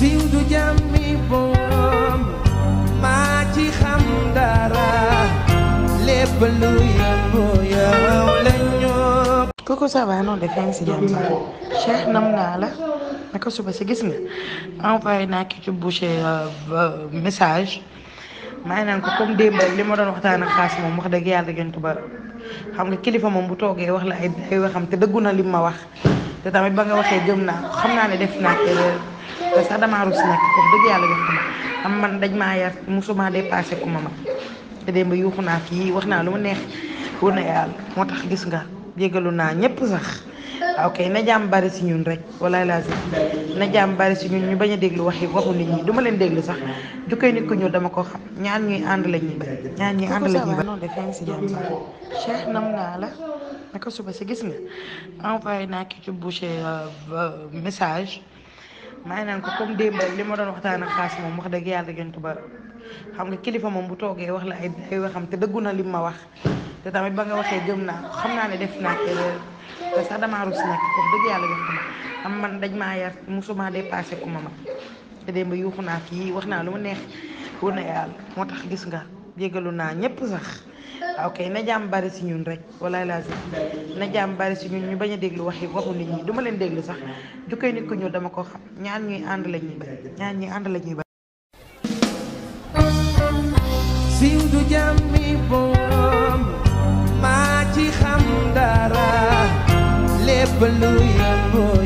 siw du jàmmi boom maa ci xam dara lépp lu yëngu yow la ñoo kooku ça va noonu def yaa ngi si jàmm Cheikh nam naa la naka suba si gis nga envoyé naa ki ci boucher message maa naan ko comme démb li ma doon waxtaan ak xaas moom wax dëgg yàlla gën tuba xam nga kilifa moom bu toogee wax la ay ay waxam te dëggu na li ma wax te tamit ba nga waxee gëm naa ko xam naa ne def naa erreur te sax damaa rus nag wax dëgg yàlla jox ko am man dañ maa yar musuma dépassé ma ma te démb yuuxu naa fii wax naa lu ma neex wër na yàlla moo tax gis nga jégalu naa ñëpp sax ah, ok na jàmm bari si ñun rek walaay laa na jàmm bari si ñun ñu bañ a déglu waxi waxu nit ñi duma leen déglu sax jukkee nit ku ñu dama ko xam ñaar ñuy ànd lañ ñuy ba ñaar ñuy ànd la ñuy ba noonu nam naa la naka suba si gis nga envoyé naa ki ci boucher euh, euh, message maa ngi naan ko comme démb li ma doon waxtaan ak xaas moom wax dëgg yàlla gën tuba xam nga kilifa moom bu toogee wax la ay ay waxam te na li ma wax te ba nga waxee gëm naa xam naa ne def naa erreur te sax damaa rus nag wax dëgg yàlla gën tuba am man dañ ma yar musuma dépassé ku ma ma te démb yuuxu naa fii wax naa lu neex wër na moo tax gis nga jégalu naa ñëpp sax. Ah, ok na jam bari si ñun rek walaay laa na jam bari si ñun ñu baña déglu waxi waxu nit ñi duma leen déglu sax jukkee nit ko ñu dama ko xam ñaan ñuy and la ñuy bañ ñaan ñuy and la ñuy bañ siw du mi boom ma ci xam dara lepp lu yëngu